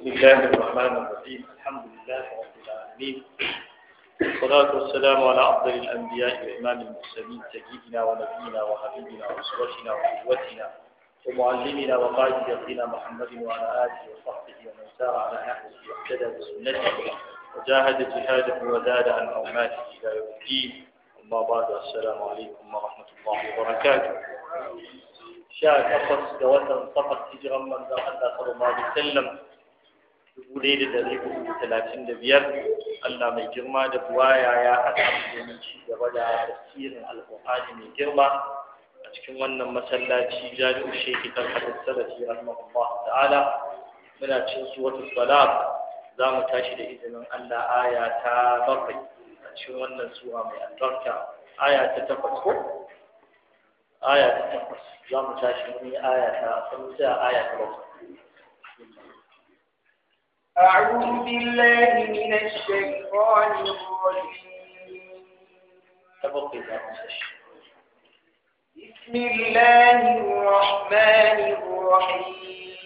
بسم الله الرحمن الرحيم الحمد لله رب العالمين والصلاة والسلام على أفضل الأنبياء وإمام المرسلين سيدنا ونبينا وحبيبنا وأسرتنا وقدوتنا ومعلمنا وقائد يقينا محمد وعلى آله وصحبه ومن سار على نحوه واهتدى بسنته وجاهد جهاده وزاد عن أوماته إلى يوم الدين أما بعد السلام عليكم ورحمة الله وبركاته شاء قصص دوة صفت هجرا من ذا الله صلى الله عليه وسلم dubu ɗaya da ɗari hudu da talatin da biyar Allah mai girma da buwaya ya haɗa mu domin ci gaba da tasirin alƙur'ani mai girma a cikin wannan masallaci jami'u sheki kan hadin salafi rahimahullah ta'ala muna cin wata salam za mu tashi da izinin Allah aya ta bakwai a cikin wannan suwa mai albarka aya ta takwas ko aya ta takwas za mu tashi mun yi aya ta sun aya ta bakwai أعوذ بالله من الشيطان الرجيم بسم الله الرحمن الرحيم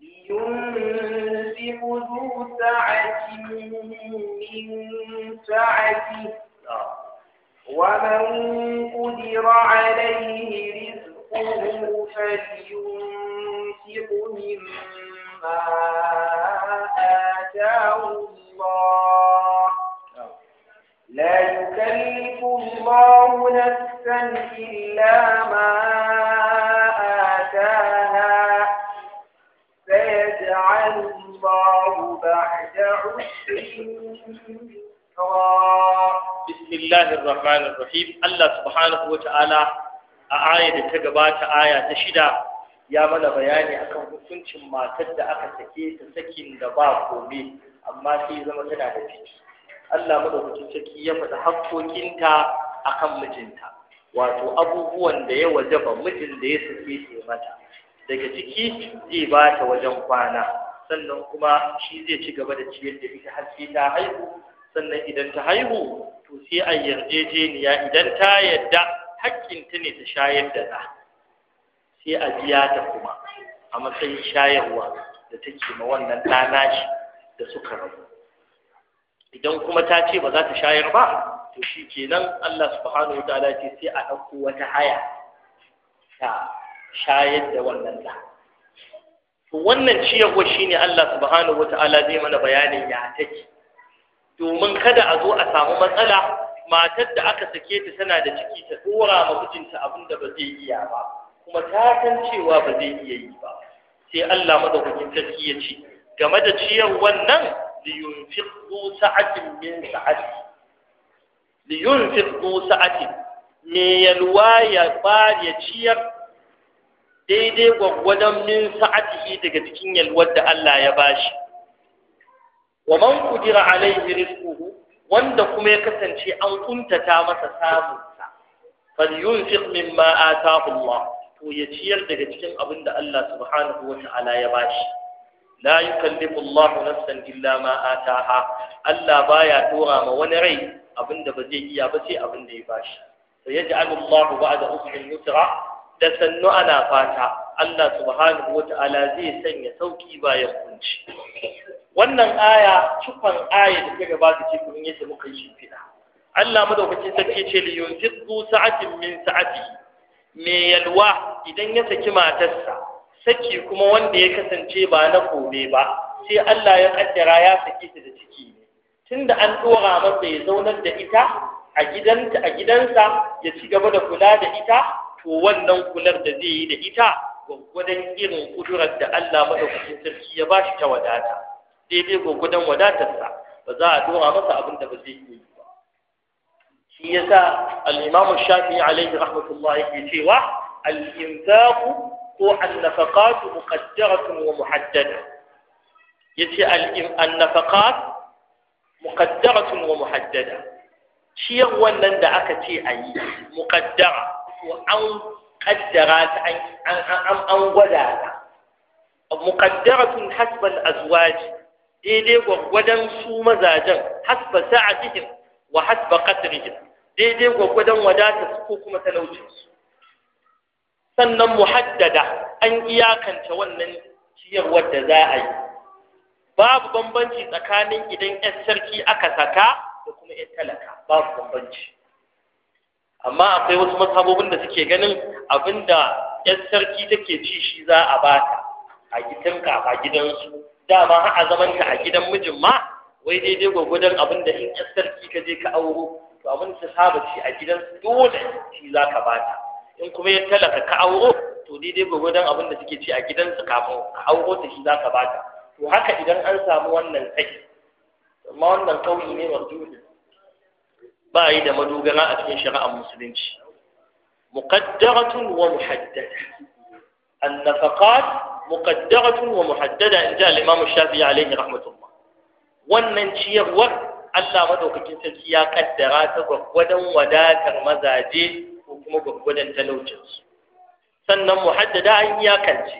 لينفق ذو سعة من سعته ومن قدر عليه رزقه فلينفق ينفق مما آتاه الله لا يكلف الله نفسا إلا ما آتاها فيجعل الله بعد عسر بسم الله الرحمن الرحيم الله سبحانه وتعالى آية aya da ta ya mana bayani akan hukuncin matar da aka sake ta sakin da ba komai, amma sai zama tana da ciki Allah madaukakin ciki ya faɗa haƙƙoƙinta akan mijinta wato abubuwan da ya wajaba mijin da ya sake ke mata daga ciki zai ba ta wajen kwana sannan kuma shi zai ci gaba da ciyar da ita har sai ta haihu sannan idan ta haihu to sai a yarjejeniya idan ta yadda haƙƙinta ne ta shayar da ta sai a biya ta kuma a matsayin shayarwa da take ma wannan ɗana shi da suka rabu idan kuma ta ce ba za ta shayar ba to shi kenan Allah subhanahu wa ta'ala ce sai a ɗauko wata haya ta shayar da wannan da to wannan ciyarwa shine Allah subhanahu wa ta'ala zai mana bayanin ya take domin kada a zo a samu matsala matar da aka sake ta tana da ciki ta dora ma mijinta abin da ba zai iya ba kuma ta san cewa ba zai iya yi ba sai Allah madaukakin sarki ya ce game da ciyar wannan liyunfiq zu sa'atin min sa'ati liyunfiq zu sa'atin me yalwa ya ba ya ciyar daidai gwaggwadon min sa'atihi daga cikin yalwar da Allah ya bashi wa man qudira alaihi rizquhu wanda kuma ya kasance an kuntata masa samunsa falyunfiq mimma ataahu Allah to ya ciyar daga cikin abin da Allah subhanahu wa ta'ala ya bashi la yukallifu Allah nafsan illa ma ataha Allah baya tora ma wani rai abin da ba zai iya ba sai abin da ya bashi to yaj'alu Allah ba'da usrin yusra da sannu ana fata Allah subhanahu wa ta'ala zai sanya sauki bayan kunci wannan aya cikon aya da ta gabata ce kun yace muka yi shi fida Allah madaukakin sarki ce li yunfiqu sa'atin min sa'ati mai yalwa idan ya saki matarsa saki kuma wanda ya kasance ba na kome ba sai Allah ya kaddara ya saki ta da ciki tunda an dora masa ya zaunar da ita a gidanta a gidansa ya ci gaba da kula da ita to wannan kular da zai yi da ita gwaggwadon irin kudurar da Allah madaukakin sarki ya bashi ta wadata daidai gwaggwadon wadatarsa ba za a dora masa abin da ba zai yi shi yasa al-Imam Shafi'i alayhi rahmatullah yake cewa al-infaq ko an-nafaqat muqaddaratun wa muhaddada yace al-nafaqat muqaddaratun wa muhaddada ciyar wannan da aka ce a yi muqaddara ko an kaddara an an gwada muqaddaratun hasbal azwaji daidai gwaggwadon su mazajen hasba sa'atihim wa hasba qadrihim daidai gwagwadon wadatarsu ko kuma talaucinsu sannan mu haddada an iyakanta wannan ciyarwar da za a yi babu bambanci tsakanin idan 'yan sarki aka saka da kuma 'yan talaka babu bambanci amma akwai wasu matsabobin da suke ganin abinda 'yan sarki take ci shi za a bata a ka a gidansu dama har a zamanta a gidan mijin ma wai daidai gwagwadon abinda in 'yan sarki ka je ka auro to abin da saba shi a gidan dole shi za ka bata in kuma ya talaka ka auro to daidai gobe don abin da suke ci a gidansu kafin ka auro ta shi za ka bata to haka idan an samu wannan saki amma wannan kauyi ne marjuhi ba yi da madogara a cikin shari'ar musulunci muqaddaratun wa muhaddada annafaqat muqaddaratun wa muhaddada in ja al-imam shafi'i alayhi rahmatullah wannan ciyarwar Allah madaukakin sarki ya kaddara ta gwaggwadon wadatar mazaje ko kuma gwaggwadon talaucinsu sannan muhaddada an iyakance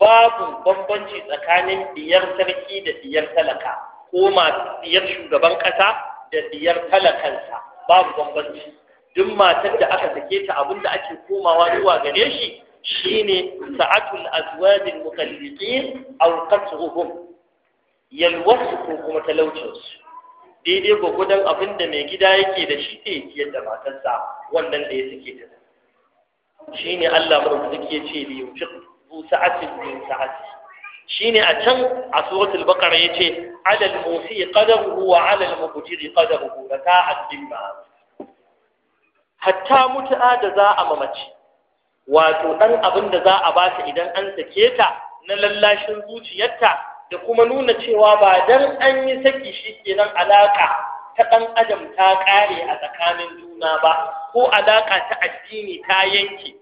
babu bambanci tsakanin diyar sarki da diyar talaka ko masu diyar shugaban ƙasa da diyar talakansa babu bambanci duk matar da aka sake ta abinda ake komawa zuwa gare shi shine sa'atul azwajil mukalliqin aw qasruhum yalwasu ko kuma talaucinsu daidai gwagwadon abin da mai gida yake da shi ke ciyar da matarsa wannan da ya suke da shi ne Allah da suke ce li yunfiq zu sa'atin min sa'ati shi ne a can a suratul bakar ya ce alal musi qadaruhu wa alal muqtiri raka raka'at ba hatta mutu'a da za a mamaci wato dan abin da za a ba ta idan an sake ta na lallashin zuciyarta da kuma nuna cewa ba dan an yi saki shi kenan alaƙa ta ɗan adam ta ƙare a tsakanin juna ba ko alaka ta addini ta yanke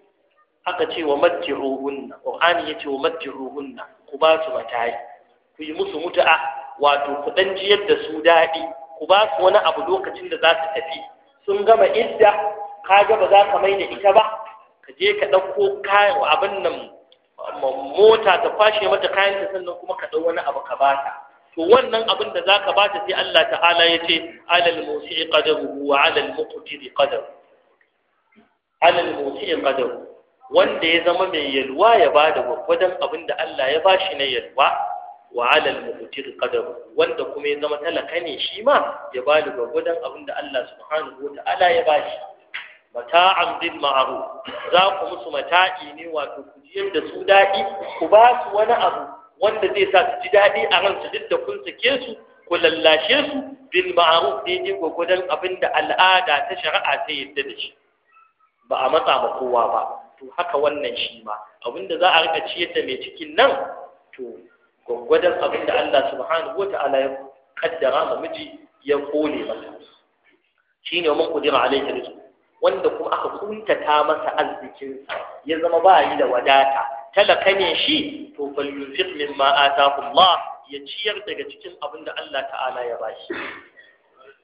aka ce wa qur'ani yace wa ku ba su matayi ku yi musu mutu'a wato ku dan jiyar da su daɗi ku ba su wani abu lokacin da za su tafi sun gama idda ka ga ba za ka mai ita ba ka je ka ɗauko kayan abin nan mota ta fashe mata kayan ta sannan kuma ka ɗau wani abu ka bata to wannan abin da za zaka bata sai Allah ta'ala ya ce alal musi'i qadaruhu wa alal muqtiri qadaru alal musi'i qadaru wanda ya zama mai yalwa ya ba da gwagwadon abin da Allah ya ba shi na yalwa wa alal muqtiri qadaru wanda kuma ya zama talaka ne shi ma ya bada gwagwadon abin da Allah subhanahu wa ta'ala ya bashi mata'an bin ma'ruf za ku musu mata'i ne wato ku ji da su daɗi ku ba su wani abu wanda zai sa su ji daɗi a ransu duk da kun sake su ku lallashe su bin ma'ruf daidai gwagwadon abin da al'ada ta shari'a ta yadda da shi ba a matsa ba kowa ba to haka wannan shi ma abinda za a rika ciyar da mai cikin nan to gwagwadon abin da Allah subhanahu wata'ala ya kaddara ma miji ya kone masa shine mun kudira alaihi rizqu wanda kuma aka kuntata masa arzikinsa ya zama ba yi da wadata talaka ne shi to fal yunfiq mimma Allah ya ciyar daga cikin abin Allah ta'ala ya bashi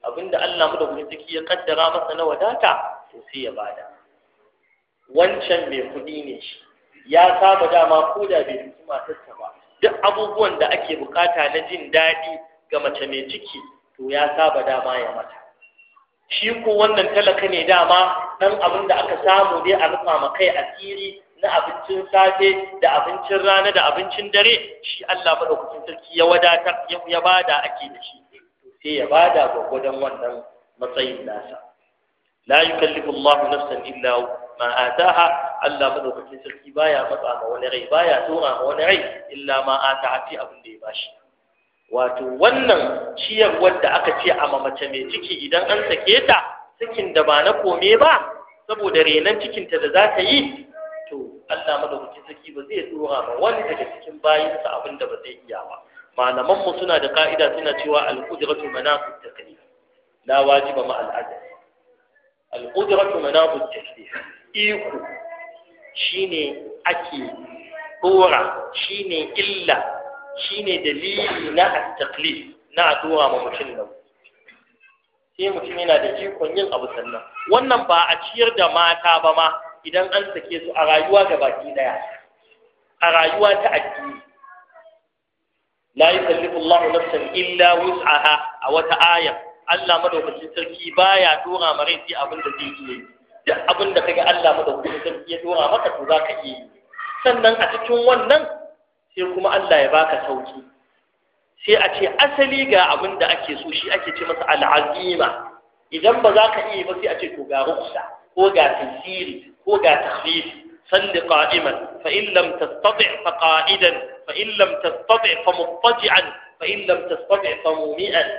abin da Allah mu da kuma take ya kaddara masa na wadata to sai ya bada wancan mai kudi ne shi ya saba dama ko da bai fi matarsa ba duk abubuwan da ake bukata na jin daɗi ga mace mai ciki to ya saba dama ya mata shi ko wannan talaka ne dama dan abin da aka samu dai a rufa ma kai asiri na abincin safe da abincin rana da abincin dare shi Allah madaukakin sarki ya wadatar ya bada ake da shi sai ya bada gwagwadon wannan matsayin nasa la yukallifu Allahu nafsan illa ma ataha Allah madaukakin sarki baya matsa ma wani rai baya tura ma wani rai illa ma ataha fi abin da ya bashi wato wannan ciyar wanda aka ce a mamace mai ciki idan an sake ta cikin da ba na kome ba saboda renon cikinta da za ta yi to Allah madaukakin sarki ba zai dora ba wani daga cikin bayinsa abin da ba zai iya ba malaman mu suna da ka'ida suna cewa al-qudratu manaqu taklif la wajiba ma al al-qudratu manaqu iko shine ake dora shine illa shine dalili na at-taqlid na addu'a ma mutum nan sai mutum yana da jikon yin abu sannan wannan ba a ciyar da mata ba ma idan an sake su a rayuwa ga baki daya a rayuwa ta addini la yukallifu Allah nafsan illa wus'aha a wata aya Allah madaukakin sarki baya dora mare sai abin da zai iya yi duk abin da kaga Allah madaukakin sarki ya dora maka to zaka iya yi sannan a cikin wannan sai kuma Allah ya baka sauki sai a ce asali ga abin da ake so shi ake ce masa al'azima idan ba za ka iya ba sai a ce to ga ruksa ko ga tasiri ko ga takhfifi fa in فإن لم fa mumi'an.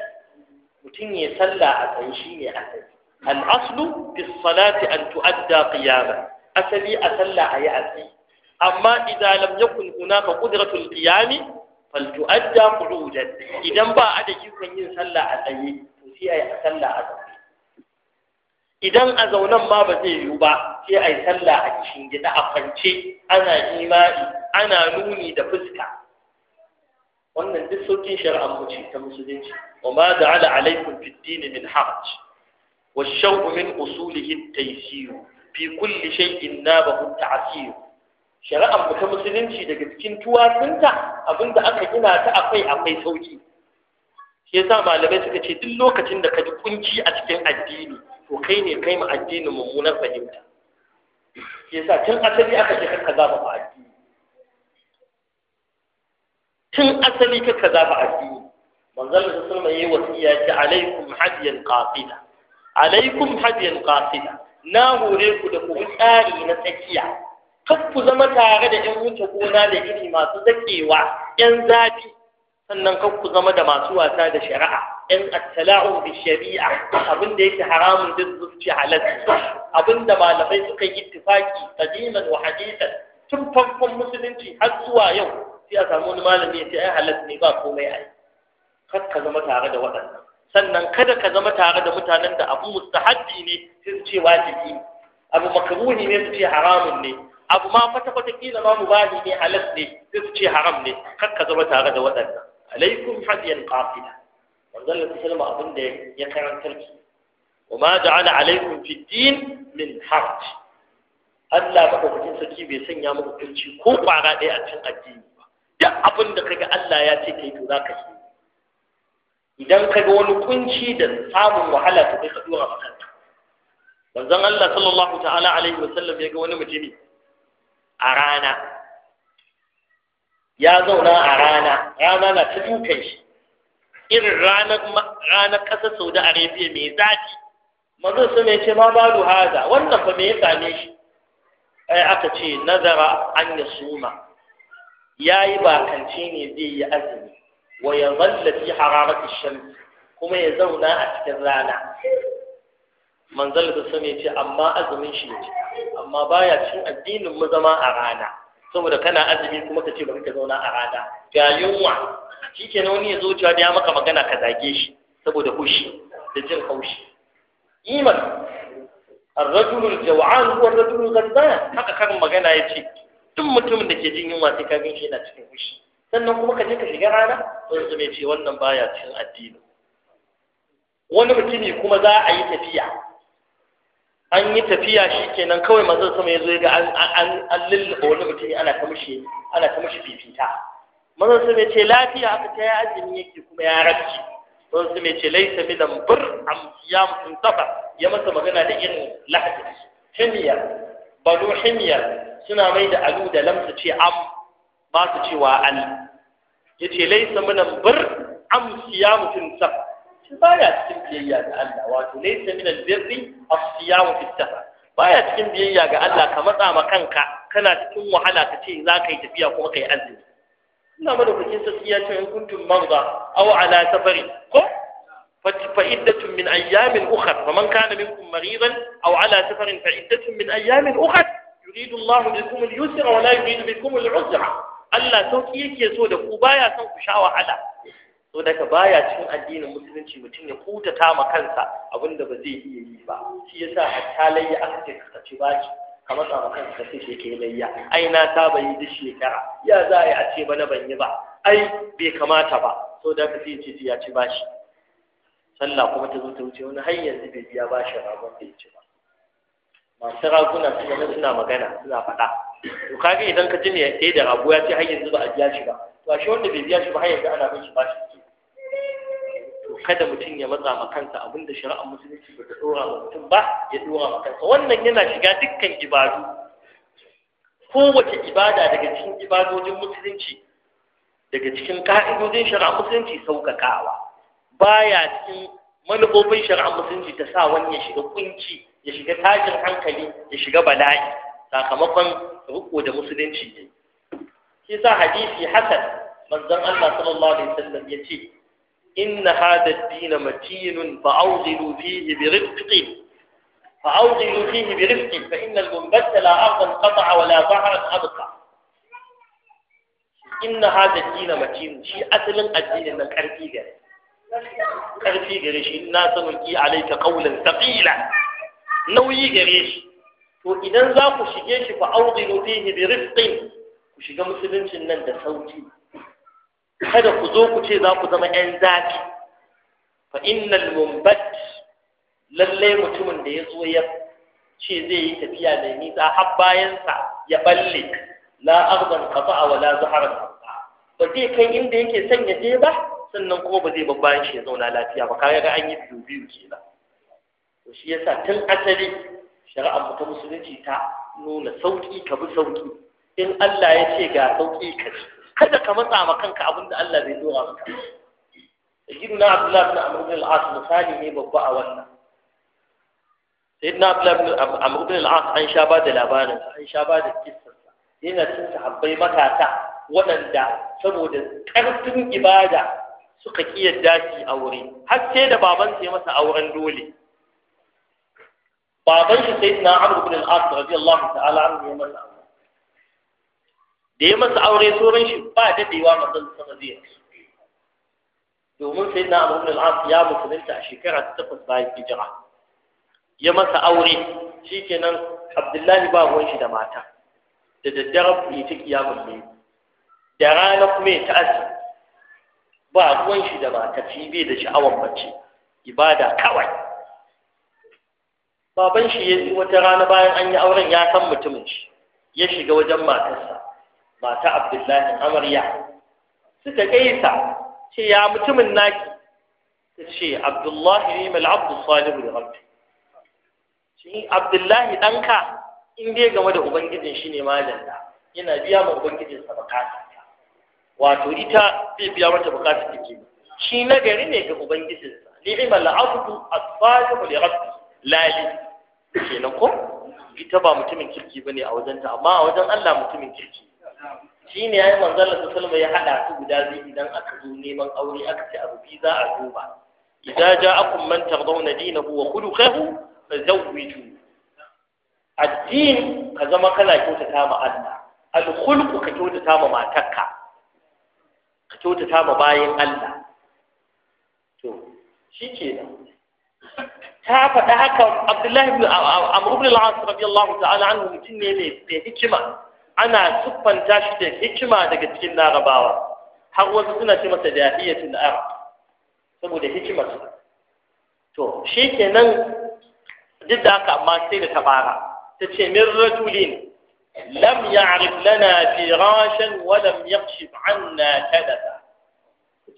فإن ya salla a فإن shi ne a متين يسلى أتنشي أتن الأصل في الصلاة أن Asali a salla a yi asali. amma idan lam yakun hunaka qudratul qiyami fal tu'adda qu'udan idan ba a da ikon yin sallah a tsaye to sai ai sallah a tsaye idan a zaunan ma ba zai yiwu ba sai ai sallah a cikin gida a kwance ana imani ana nuni da fuska wannan duk sokin shari'ar mu ce ta musulunci wa ma ja'ala alaikum fid din min haraj wa shaw min usulihi at-taysir fi kulli shay'in nabahu at-ta'sir shari'ar ta musulunci daga cikin tuwatunta abinda aka gina ta akwai akwai sauki shi yasa malamai suka ce duk lokacin da ka ji kunci a cikin addini to kai ne kai ma addinin mummunar fahimta shi yasa tun asali aka ce kanka zaba ba addini tun asali kanka zaba addini manzon da sallama yayi wasiya ce alaikum hadiyan qasida alaikum hadiyan qasida na hore ku da ku tsari na tsakiya kafu ku zama tare da 'yan wuce gona da iri masu zakewa 'yan zafi sannan kafu ku zama da masu wasa da shari'a 'yan attala'u da shari'a abin da yake haramun da zuci halatta abin da malamai suka yi tufaki kadiman wa hadithan tun farkon musulunci har zuwa yau sai a samu wani malami ya ce ai halatta ne ba komai ai kar ka zama tare da waɗannan sannan kada ka zama tare da mutanen da abu mustahabbi ne sai su ce wajibi abu makruhi ne su ce haramun ne abu ma kwata kwata kila ma mubahi ne halas ne sai su ce haram ne kar ka zama tare da waɗannan alaikum hadiyan qafila manzon Allah sallama abin da ya karantar ki wa ma ja'ala alaikum fi din min harj Allah madaukakin sarki bai sanya muku kunci ko kwara ɗaya a cikin addini ba duk abin da kaga Allah ya ce kai to zaka yi idan kaga wani kunci da samun wahala to kai ka dora maka manzon Allah sallallahu ta'ala alaihi wasallam ya ga wani mutumi a rana ya zauna a rana rana na ta dukan shi irin ranar ƙasar saudi arabia mai zafi mazu su mai ce ma babu haza wannan fa me same shi ai aka ce nazara an ya suma ya yi bakanci ne zai yi azumi wa ya zallafi fi shan kuma ya zauna a cikin rana manzal da sani ce amma azumin shi ne amma baya cin addinin mu zama a rana saboda kana azumi kuma ka ce bari ka zauna a rana ga yunwa shikenan wani ya zo cewa da ya maka magana ka zage shi saboda kushi, da jin haushi iman الرجل الجوعان هو الرجل الغلبان haka kan magana yace duk mutumin da ke jin yunwa sai ka gan shi yana cikin kushi. sannan kuma ka je ka shiga rana sai su ce wannan baya cin addini wani mutumi kuma za a yi tafiya an yi tafiya shi kenan kawai manzon sama ya zo ga an lullaba wani mutum ana ta mushi ana ta mushi fifita manzon sama ya ce lafiya aka ta ya azumi yake kuma ya rabci manzon sama ya ce laisa min bur am siyam tafa ya masa magana da irin lahaji himiya balu himiya suna mai da alu da lamsa ce am ba su cewa al ce laisa min bur am siyam tafa shi baya cikin biyayya ga Allah wato laysa min albirri as-siyamu fi safar baya cikin biyayya ga Allah ka matsa ma kanka kana cikin wahala ka ce za ka yi tafiya kuma ka yi azumi ina madaukakin sarki ya ce in kuntum marda aw ala safari ko min ayyamin فعدة من أيام أخر فمن كان منكم مريضا أو على سفر فعدة من أيام أخر يريد الله بكم اليسر ولا يريد بكم العسر Allah sauki yake so da ku baya son ku sha wahala so daga baya cikin addinin musulunci mutum ya ta ma kansa abinda ba zai iya yi ba shi yasa a talayya aka ce ka ci baci ka matsa ma kansa ka ce ke layya ai na saba yi duk shekara ya za a yi a ce bana ban yi ba ai bai kamata ba so da ka sai ce ya ci bashi sallah kuma ta zo ta wuce wani har yanzu bai biya bashi rabon bai ci ba masu raguna suna nan suna magana suna faɗa to kage idan ka ji ne ya da rago ya ce har yanzu ba a biya shi ba to shi wanda bai biya shi ba har yanzu ana bin shi bashi kada mutum ya matsa ma kansa abinda shari'ar musulunci ba ta dora ma mutum ba ya dora ma kansa wannan yana shiga dukkan ibadu kowace ibada daga cikin ibadojin musulunci daga cikin ka'idojin shari'ar musulunci sauƙaƙawa baya cikin manufofin shari'ar musulunci ta sa wani ya shiga kunci ya shiga tashin hankali ya shiga bala'i sakamakon riko da musulunci ne shi sa hadisi hasan manzon Allah sallallahu alaihi wasallam ya ce إن هذا الدين متين فأوغلوا فيه برفق فأوغلوا فيه برفق فإن المنبت لا أرض قطع ولا ظهر أبقى إن هذا الدين متين شيء أثل الدين من الكرفيقة كرفي قريش إنا سنلقي عليك قولا ثقيلا نوي قريش وإذا ذاك شجيش فأوضل فيه برفق وشجم سبنش النن ده صوتي kada ku zo ku ce za ku zama ‘yan zafi fa innal mumbat lallai mutumin da ya zo ya ce zai yi tafiya mai nisa har bayansa ya balle la arban qata'a wa la zaharan ba zai kai inda yake son ya je ba sannan kuma ba zai bar bayan shi ya zauna lafiya ba kaga ga an yi biyu biyu kenan to shi yasa tun asali shari'ar ta musulunci ta nuna sauki ka bi sauki in Allah ya ce ga sauki ka ce kada ka matsa ma kanka abin da Allah zai dora maka sayyidina Abdullah ibn Amr ibn al-As misali ne babba a wannan sayyidina Abdullah ibn Amr ibn al-As an sha ba da labarin an sha ba da kissa yana cin sahabbai makata, waɗanda saboda ƙarfin ibada suka ƙi yadda a wuri. har sai da baban sai masa auren dole baban shi sai na amr ibn al-as radiyallahu ta'ala anhu ya masa da ya masa aure tsoron shi ba dadewa manzon sama zai rasu domin sai na abubuwan al'asu al ya musulunta a shekara ta takwas bayan hijira ya masa aure shikenan abdullahi ba ruwan shi da mata da daddare ya ta kiya ne da rana kuma ya ta'azi ba ruwan shi da mata shi bai da sha'awar mace ibada kawai baban shi ya wata rana bayan an yi auren ya san mutumin shi ya shiga wajen matarsa mata abdullahi amarya suka gaisa ce ya mutumin naki ta ce abdullahi ne mal abdu salihu da rabbi shi abdullahi ɗanka in dai game da ubangijin shi ne malam yana biya ma ubangijin sa bukata wato ita zai biya mata bukata take shi nagari ne ga ubangijin sa ni'mal abdu as-salihu li rabbi lali kenan ko ita ba mutumin kirki bane a wajenta amma a wajen Allah mutumin kirki shi ne ya yi manzala ta salma ya haɗa su guda biyu idan aka zo neman aure aka ce abu biyu za a duba idan ja akun man tarzauna dinahu wa khuluquhu fazawwiju addini ka zama kana kyautata ma Allah alkhulqu ka kyautata ma matarka ka kyautata ma bayin Allah to shikenan ta faɗa haka Abdullahi ibn Amr ibn al-As radiyallahu ta'ala anhu mutum ne mai hikima ana siffanta shi da hikima daga cikin larabawa har wasu suna ce masa jahiyatul arab saboda hikima hikimarsa to shi kenan duk da haka amma sai da tabara ta ce min rajulin lam ya'rif lana firashan wa lam yakshif anna kadasa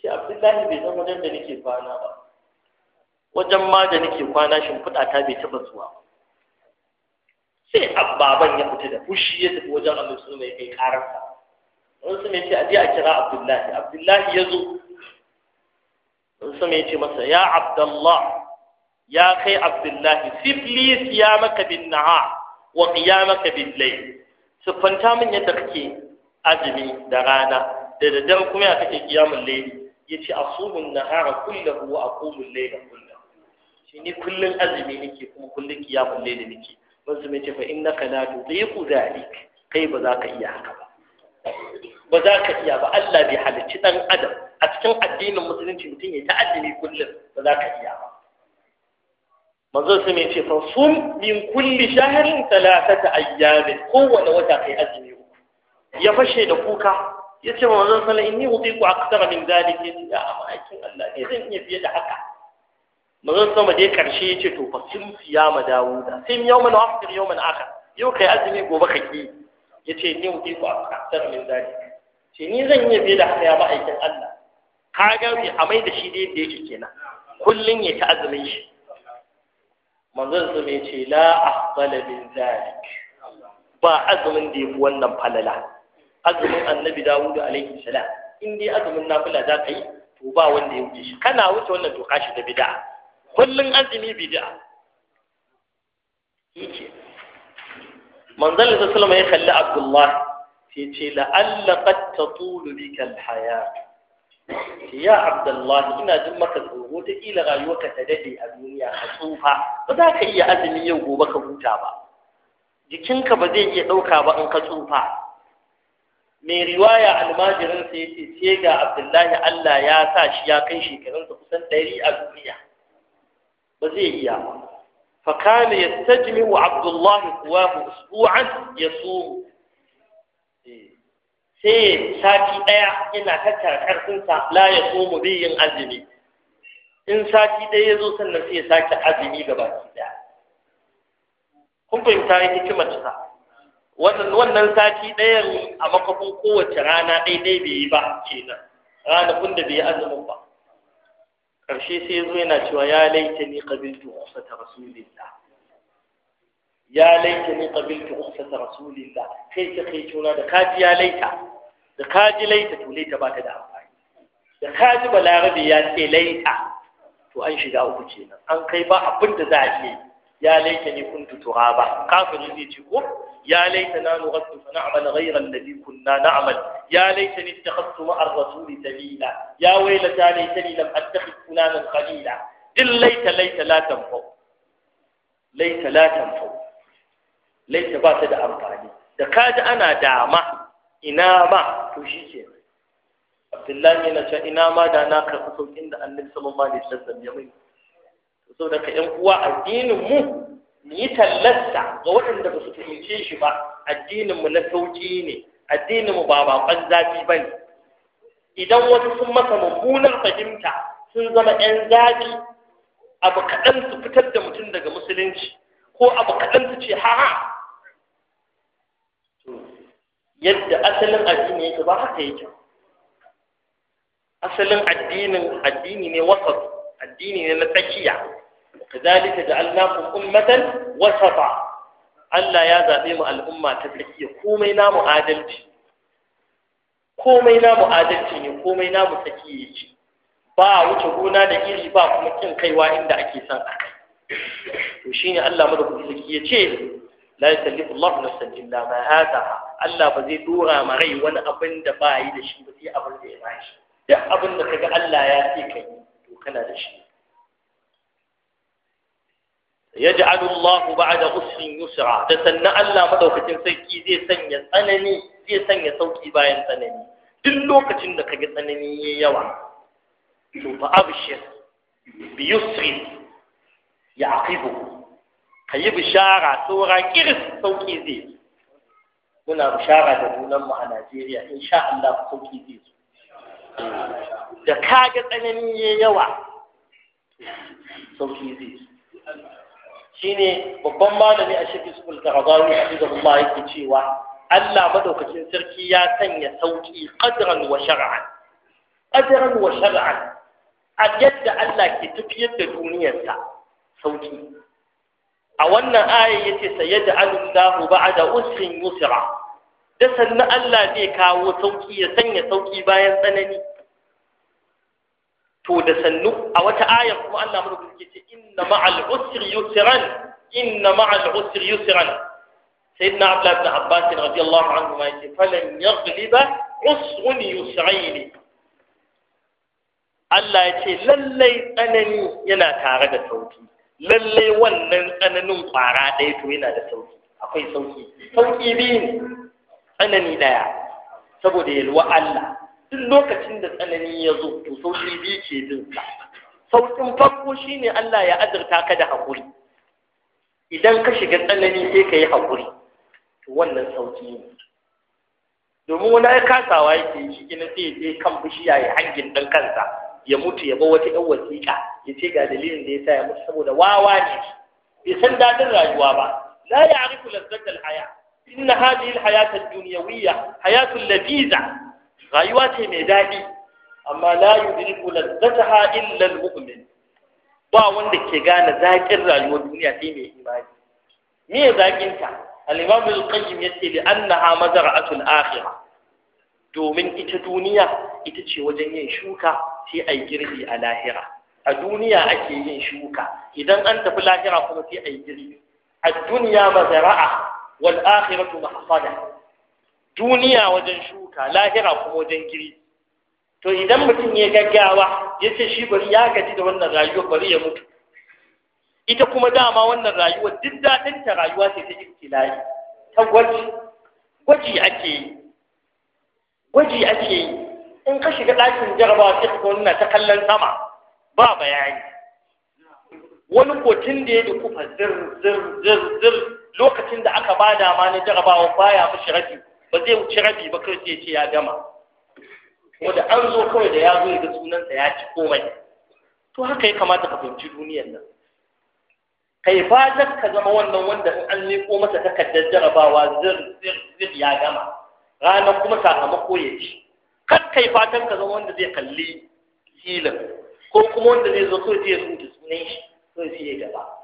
ce abdullahi bai san wajen da nake kwana ba wajen ma da nake kwana shimfiɗa ta bai taɓa zuwa ba sai ababan ya fita da fushi ya tafi wajen annabi mai kai karansa wani sun yace aje a kira abdullahi abdullahi ya zo wani mai ce masa ya abdullah ya kai abdullahi ya maka bin naha wa qiyamaka bil layl siffanta min yadda kake azumi da rana da daddare kuma ya kake qiyamul layl yace asubun nahara kullahu wa aqumul layla kullahu shi ni kullun azumi nake kuma kullun qiyamul layl nake manzo mai ce fa innaka la tudiqu zalik kai ba za ka iya haka ba ba za ka iya ba Allah bai halicci dan adam a cikin addinin musulunci mutum ya ta'addini kullum ba za ka iya ba manzo sai mai ce fa sum min kulli shahrin thalathata ayyamin kowanne wata kai azumi uku ya fashe da kuka ya ce manzo sallallahu alaihi inni utiqu akthara min zalik ya ce ya amma aikin Allah ne zan iya fiye da haka mazan sama dai karshe ya ce to fa sun siya ma dawuda sun yau mana wafin yau mana aka yau kai azumi gobe ka ki ya ce ni wuce ku a kasar min zari ce ni zan iya bai da haka ya ma'aikin allah ka gari a mai da shi dai da yake kenan kullum ya ta azumin shi Mazan sama ya ce la a min zalik ba azumin da ya fi wannan falala azumin annabi dawuda alaihi salam in dai azumin nafila za ka yi to ba wanda ya wuce shi kana wuce wannan to kashi da bid'a kullun azumi bid'a yake manzon Allah sallallahu alaihi ya kalli Abdullah sai ce la'alla qad tatulu bika al-hayat ya Abdullah ina jin maka tsoro ta kila rayuwarka ta dade a duniya ka tsufa ba za ka iya azumi yau gobe ka huta ba jikinka ba zai iya ɗauka ba in ka tsufa mai riwaya almajirin sai ce sai ga Abdullahi Allah ya sa shi ya kai shekarunsa kusan ɗari a duniya ba zai iya ba wa Abdullahi kuwa الله قواه اسبوعا يصوم sai sati ɗaya yana tattara ƙarfinsa la ya so mu bi yin azumi in sati ɗaya ya zo sannan sai ya sake azumi ga baki ɗaya kun fahimta ya hikimar sa wannan sati ɗayan a makafin kowace rana ɗaiɗai bai yi ba kenan ranakun da bai yi azumin ba karshe sai yazo yana cewa ya laita laitani qabiltu ukhsata rasulillah ya laita laitani qabiltu ukhsata rasulillah kai ta kai tuna da kaji ya laita da kaji laita to laita ba ta da amfani da kaji balarabe ya ce laita to an shiga uku kenan an kai ba abin da za a yi ya laita ni kuntu turaba kafiri zai ce ko ya laita na nuraddu fa na'mal ghayra alladhi kunna na'mal ya laita ni ittakhadtu ma'a ar-rasuli sabila ya waylata laitani lam attakhid fulanan khalila dil laita laita la tanfa laita la tanfa laita ba ta da amfani da kaji ana dama ina ma to shi ke Abdullahi yana cewa ina ma da na karɓi sauƙin da annabi sallallahu alaihi wasallam ya mai so daga ƴan uwa addinin mu mu yi tallasta ga waɗanda ba su fahimce shi ba addinin mu na sauƙi ne addinin mu ba baƙon zafi ba ne idan wasu sun masa mummunar fahimta sun zama ƴan zafi abu kaɗan su fitar da mutum daga musulunci ko abu kaɗan su ce ha'a yadda asalin addini yake ba haka yake asalin addinin addini ne wasu addini ne na tsakiya kazalika ja'alnakum ummatan wasata Allah ya zaɓe mu al'umma ta tsakiya komai namu adalci komai namu adalci ne komai namu tsakiya ce. ba wuce gona da iri ba kuma kin kaiwa inda ake son a kai to shine Allah madaukaki sarki yace la yukallifu Allah nafsan illa ma ataha Allah ba zai dora ma rai wani abin da ba yi da shi ba sai abin da ya bashi duk abin da kaga Allah ya ce kai kana da shi yaj'alu Allah ba'da usrin yusra da sannan Allah madaukakin sarki zai sanya tsanani zai sanya sauki bayan tsanani duk lokacin da kage tsanani yayi yawa to fa abshir bi yusri yaqibu kayi bishara saura kiris sauki zai muna bishara da nunan mu a Najeriya insha Allah sauki zai zo da ga tsanani ya yawa sauki zai shine babban malami a shirki su a gabaru a cikin Allah yake cewa Allah madaukakin sarki ya sanya sauki kadiran wa shara'an. kadiran wa shara'an a yadda Allah ke tafiyar da duniyarsa sauki a wannan da yace sayaj'alu Allahu da usrin yusra da sannan Allah zai kawo sauki ya sanya sauki bayan tsanani to da sannu a wata ayar kuma Allah mun ke ce inna ma'al usri yusran inna ma'al usri yusran sayyidina Abdullah ibn Abbas radiyallahu anhu ma yace falan yaghliba usrun yusrain Allah ya ce lallai tsanani yana tare da sauki lallai wannan tsananin kwara ɗaya to yana da sauki akwai sauki sauki biyu ne tsanani ɗaya saboda yalwa Allah duk lokacin da tsanani ya zo to sauƙi biyu ke jinsa sauƙin farko shi ne Allah ya azurta ka da haƙuri idan ka shiga tsanani sai ka yi haƙuri to wannan sauƙi ne domin wani ya kasawa yake shi ina sai ya kan bishiya ya hangin ɗan kansa ya mutu ya bar wata ƴan wasiƙa ya ce ga dalilin da ya sa ya mutu saboda wawa ne bai san daɗin rayuwa ba la ya arifu lazzatal haya inna hadhihi alhayat ad-dunyawiyya hayatu labiza rayuwa ce mai daɗi amma la yudriku ladzataha illa al-mu'min ba wanda ke gane zaƙin rayuwar duniya sai mai imani Miya zaƙinta zaƙin ta al-imam al-qayyim yace li annaha mazra'atul akhirah domin ita duniya ita ce wajen yin shuka sai ai girbi a lahira a duniya ake yin shuka idan an tafi lahira kuma sai ai girbi a duniya mazara'a wal akhiratu duniya wajen shuka lahira kuma wajen giri to idan mutum ya gaggawa ya ce shi bari ya gaji da wannan rayuwar bari ya mutu ita kuma dama wannan rayuwar duk daɗin ta rayuwa ce ta ibtila'i ta gwaji gwaji ake yi gwaji ake yi in ka shiga ɗakin jarabawa sai ka wannan ta kallon sama ba bayani wani kotun da ya da kufa zir zir zir zir lokacin da aka da ma na jarabawa baya mishi rabi ba zai wuce rabi ba kai sai ce ya gama kuma da an zo kawai da ya zo ga sunansa ya ci komai to haka ya kamata ka fahimci duniyar nan kai fatar ka zama wannan wanda in an leko masa takardar jarabawa zir zir zir ya gama ranar kuma sakamako ya ci kar kai fatan ka zama wanda zai kalli hilin ko kuma wanda zai zo kawai zai ya rubuta sunan shi kawai sai ya gaba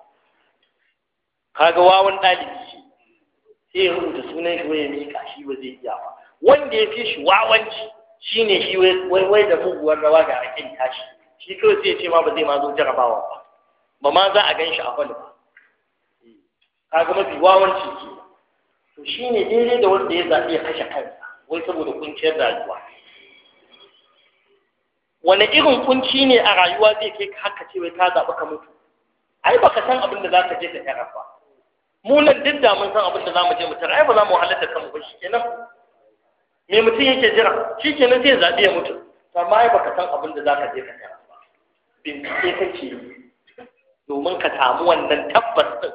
kaga wawan ɗalibi ce sai ya rubuta sunan shi wai miƙa shi ba zai iya ba wanda ya fi shi wawanci ne shi wai wai da muguwar rawa ga akin tashi shi kawai sai ya ce ma ba zai ma zo jarabawa ba ba ma za a gan shi a kwali ba kaga mafi wawanci ke to ne daidai da wanda ya zaɓi ya kashe kansa wai saboda kunciyar rayuwa wani irin kunci ne a rayuwa zai kai haka ce wai ka zaɓi ka mutu ai baka san abin da za ka je ka tsara ba mu nan duk da mun san abin da zamu je mu tara ai ba za mu halatta kanmu ba kenan? me mutum yake jira Shi kenan sai zabi ya mutu to amma ai baka san abin da zaka je ka tara ba bincike kake domin ka samu wannan tabbas din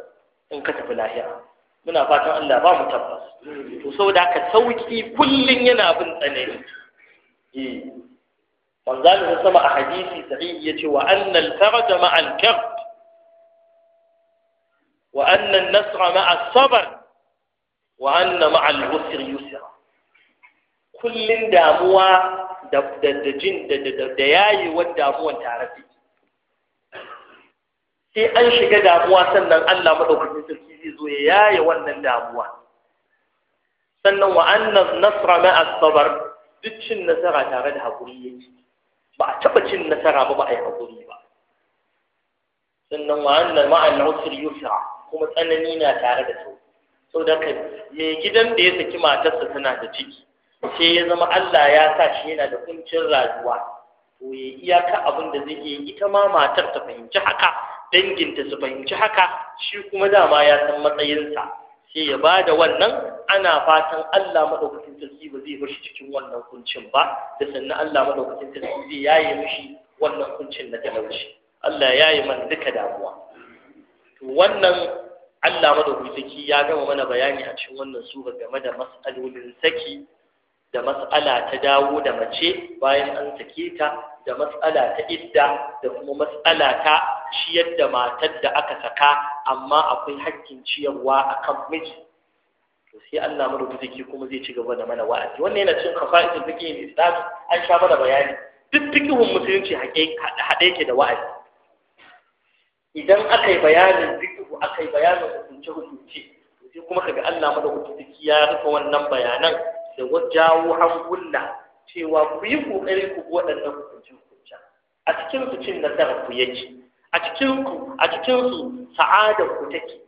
in ka tafi lahira muna fatan Allah ba mu tabbas to saboda ka sauki kullun yana bin tsanani eh manzalin sama a hadisi sahihi yace wa annal faraj ma'al kab wa annan nasra ma'a sabar wa anna yusra kullun damuwa da da jin da da da yayi sai an shiga damuwa sannan Allah madaukakin sarki zai zo ya yaye wannan damuwa sannan wa'annan annan nasra ma'a duk cin nasara tare da hakuri yake ba a taba cin nasara ba ba a yi hakuri ba sannan wa'annan ma'al usri yusra kuma tsanani na tare da su so da kai me gidan da ya saki matarsa tana da ciki sai ya zama Allah ya sa shi yana da kuncin rayuwa to ya iyaka abin da zai yi ita ma matar ta fahimci haka danginta su fahimci haka shi kuma dama ya san matsayinsa sai ya ba da wannan ana fatan Allah maɗaukacin sarki ba zai bashi cikin wannan kuncin ba da sannan Allah maɗaukacin sarki zai yaye mishi wannan kuncin na talauci Allah ya yi man duka damuwa wannan Allah madaukaki ya gama mana bayani a cikin wannan sura game da mas'alolin saki da mas'ala ta dawo da mace bayan an sake ta da mas'ala ta idda da kuma mas'ala ta ciyar da matar da aka saka amma akwai hakkin ciyarwa a kan miji to sai Allah madaukaki kuma zai ci gaba da mana wa'azi wannan yana cikin kafaitul fiqh ne an sha mana bayani duk fiqhun musulunci haɗe yake da wa'azi idan aka yi bayanin zikiru aka yi bayanin hukunce-hukunce sai kuma ka ga Allah madaukaki ya rufe wannan bayanan da jawo hankula cewa ku yi kokari ku waɗannan hukunce-hukunce a cikin cin nasarar ku yake a cikinsu ku a cikin sa'adar ku take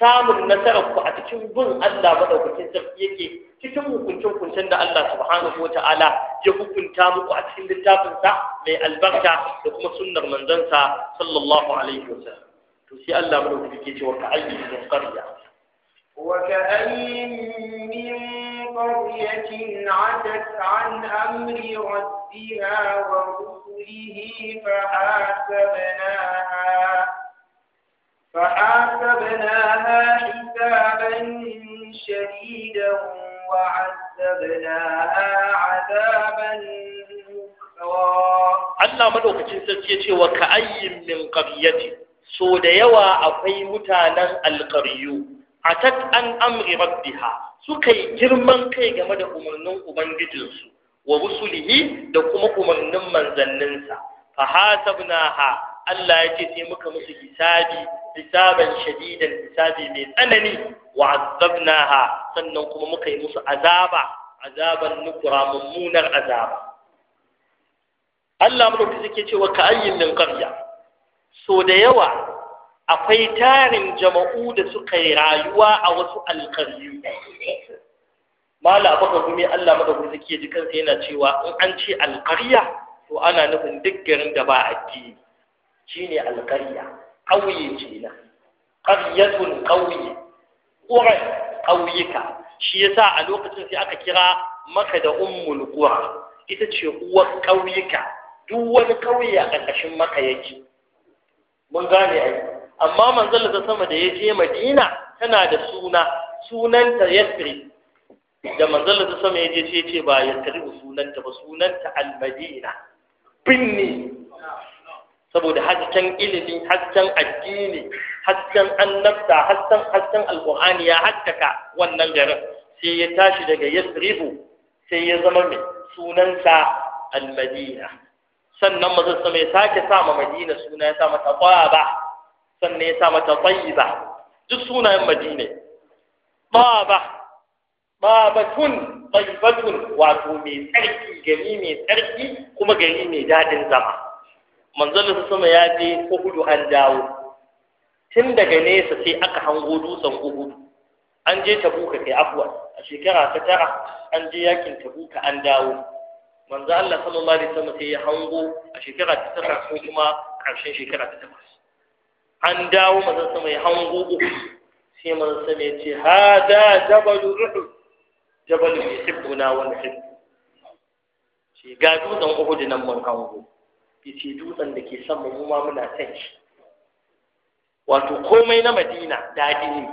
samun nasarar ku a cikin bin Allah madaukakin sarki yake cikin hukuncin hukuncin da Allah subhanahu wa ta'ala ya hukunta muku a cikin littafin sa mai albarka da kuma sunnar manzon sa sallallahu alaihi wa to sai Allah madaukakin yake cewa ka ayyi min qarya wa ka ayyin min qaryatin 'atat 'an amri rabbiha wa rusulihi fa hasabnaha Allah madaukakin sarki ya ce wa ka'ayyin min qaryati so da yawa akwai mutanen alqaryu atat an amri rabbiha suka yi girman kai game da umarnin ubangijinsu wa rusulihi da kuma umarnin manzanninsa fa hasabnaha Allah ya ce sai muka musu hisabi hisaban shadidan hisabi mai tsanani wa azabnaha sannan kuma muka yi musu azaba azaban nukura mummunar azaba Allah mulki suke cewa ka ayyin min qarya so da yawa akwai tarin jama'u da suka yi rayuwa a wasu alƙaryu mala abaka gumi Allah madaukaki suke ji kansa yana cewa in an ce alƙarya to ana nufin duk garin da ba addini shine alƙarya ƙauye ce na ƙaryatun ƙauye ƙura ƙauyuka shi yasa a lokacin sai aka kira maka da ummul ƙura ita ce uwar ƙauyuka duk wani ƙauye a ƙarƙashin maka yake mun gane ai amma manzon da sama da ya je Madina tana da suna sunanta Yasri da manzon da sama ya je sai ce ba Yasri sunanta ba sunanta Al-Madina binni saboda hasken ilimi hasken addini hasken annabta hasken hasken alqur'ani ya haskaka wannan garin sai ya tashi daga yasribu sai ya zama mai sunansa almadina sannan mazan sama ya sake sa ma madina suna ya sa mata ba sannan ya sa mata tayyiba duk sunayen madina ba babatun tayyibatun wato mai tsarki gari mai tsarki kuma gari mai dadin zama manzon sama ya je uhudu an dawo tun daga nesa sai aka hango dutsen uhudu an je tabuka kai afuwa a shekara ta tara an je yakin tabuka an dawo manzo Allah sallallahu alaihi wasallam sai ya hango a shekara ta tara ko kuma karshen shekara ta takwas an dawo manzo sama ya hango uku sai manzo sama ya ce hada jabal uhud jabal yuhibbuna wa nuhibbu shi ga dutsen uhud nan mun hango yace dutsen da ke sama mu ma muna san shi wato komai na madina daɗi ne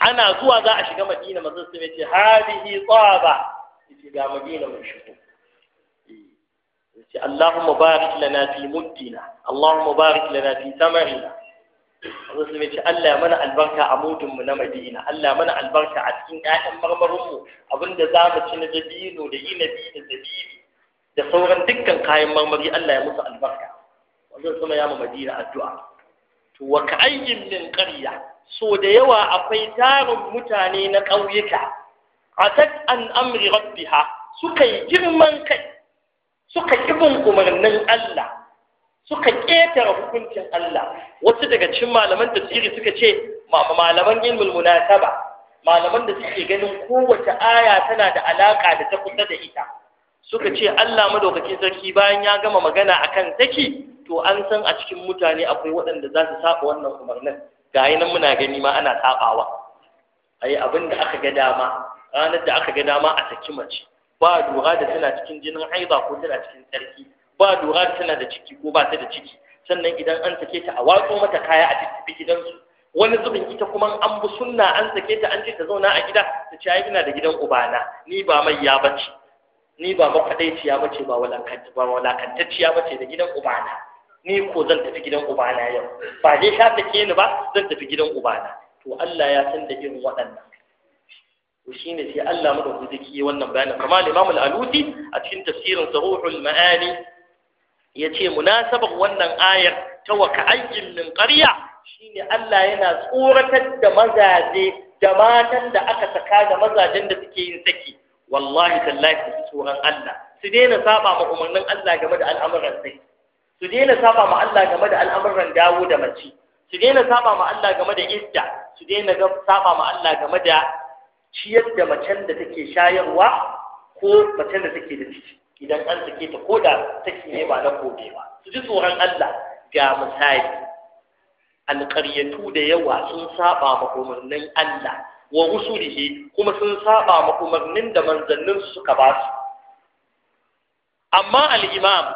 ana zuwa za a shiga madina mazan su yace hadihi tsaba yace ga madina mai shigo yace Allahumma barik lana fi muddina Allahumma barik lana fi samarina Allah sai ce Allah ya mana albarka a mudun mu na Madina Allah ya mana albarka a cikin ƴaƴan marmarin mu abinda za mu ci na dabino da yi inabi da zabibi da sauran dukkan kayan marmari Allah ya musu albarka wannan sama ya ma Madina addu'a to wa ka'ayyin min qarya so da yawa akwai tarin mutane na ƙauyuka atat an amri rabbiha suka yi girman kai suka kibin umarnin Allah suka ƙetare hukuncin Allah wasu daga cikin malaman tafsiri suka ce malaman ilmul munasaba malaman da suke ganin kowace aya tana da alaka da ta kusa da ita suka ce Allah madaukakin sarki bayan ya gama magana akan saki to an san a cikin mutane akwai waɗanda za su saba wannan umarnin ga nan muna gani ma ana sabawa ayi abin da aka ga dama ranar da aka ga dama a saki mace ba dora da tana cikin jinin haiba ko tana cikin tsarki ba dora da tana da ciki ko ba ta da ciki sannan idan an sake ta a watso mata kaya a tafi gidansu wani zubin ita kuma an bi sunna an sake ta an ce ta zauna a gida ta ce ina da gidan ubana ni ba mai ya bace ni ba makaɗaiciya ba ce ba walakantacciya ba ce da gidan ubana ni ko zan tafi gidan ubana yau ba zai sha take ni ba zan tafi gidan ubana to Allah ya san da irin waɗannan to shine sai Allah mu da huziki wannan bayanin kamar Imam Al-Aluti a cikin tafsirin Sahihul Ma'ani yace munasabar wannan ayar ta wa ka'ayyin min qarya shine Allah yana tsoratar da mazaje da matan da aka saka da mazajen da suke yin saki wallahi tallahi su tsoron Allah su daina saba ma umarnin Allah game da al'amuran sai su daina saba ma Allah game da al'amuran dawo da mace su daina saba ma Allah game da idda su daina saba ma Allah game da ciyar da macen da take shayarwa ko macen da take da ciki idan an take ta ko da take ne ba na kobe ba su ji tsoron Allah ga misali alƙaryatu da yawa sun saba ma umarnin Allah wa rusulihi kuma sun saba ma umarnin da manzannin suka ba su amma al-imam